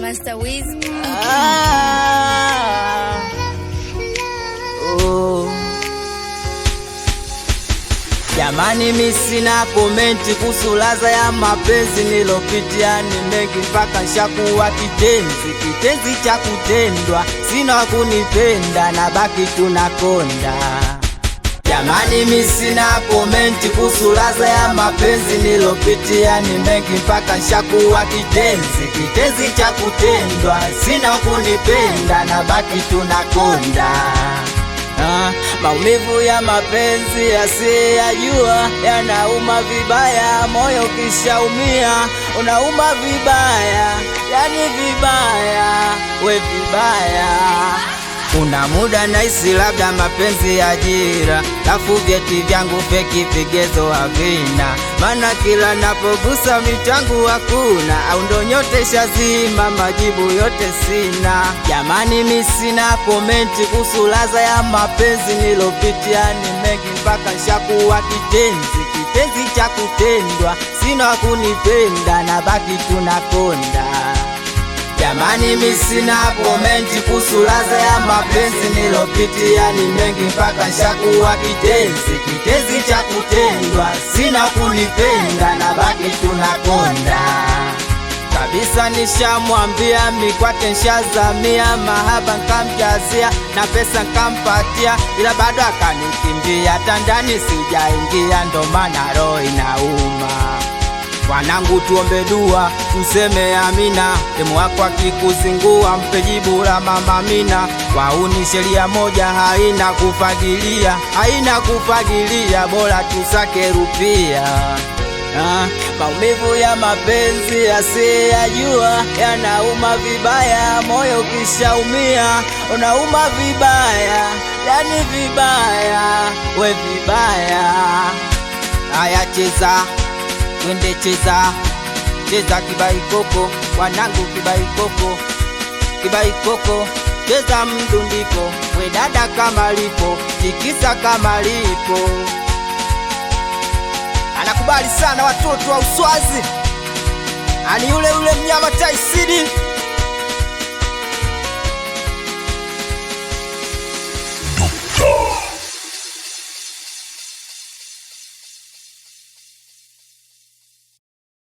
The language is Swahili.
Master Wiz ah. oh. Jamani, mi sina komenti kuhusu laza ya mapenzi nilopitia, ni mengi mpaka nshakuwa kitenzi, kitenzi cha kutendwa, sina kunipenda na baki tunakonda Jamani, mi sina komenti kuhusu laza ya mapenzi nilopitia, ni mengi mpaka nshakuwa kitenzi, kitenzi cha kutendwa. Sina kunipenda na baki tunakonda maumivu ya mapenzi yasiyajua yanauma vibaya, moyo kishaumia unauma vibaya, yani vibaya, we vibaya kuna muda naisi labda mapenzi ya ajira, lafu vyeti vyangu feki, vigezo havina mana kila napogusa mitangu hakuna, au ndo nyote shazima, majibu yote sina. Jamani, misina komenti kuhusu laza ya mapenzi nilopitia, ni mengi mpaka shakuwa kitenzi, kitenzi cha kutendwa, sina wakunipenda na baki tunakonda Jamani, mi sina komenti kuhusu laza ya mapenzi nilopitia, ni mengi mpaka nshakuwa kitenzi, kitenzi cha kutendwa. Sina kulipenda na baki tunakonda kabisa, nishamwambia mikwake, nshazamia mahaba, nkamjazia na pesa nkampatia, ila bado akanikimbia, tandani sijaingia, ndo maana roho inauma. Wanangu, tuombe dua, tuseme amina. Demu wako akikuzingua, mpe jibu la mama Amina. Wauni sheria moja haina kufagilia, haina kufagilia, bora tusake rupia. maumivu ya mapenzi yasiyajua yanauma vibaya, moyo ukishaumia unauma vibaya, yani vibaya, we vibaya. ayacheza twende cheza cheza kibaikoko, wanangu kibaikoko, kibaikoko cheza mdundiko, we dada kama tikisa kamaliko Anakubali sana watoto wa Uswazi, ani yule yule mnyama Taisidi.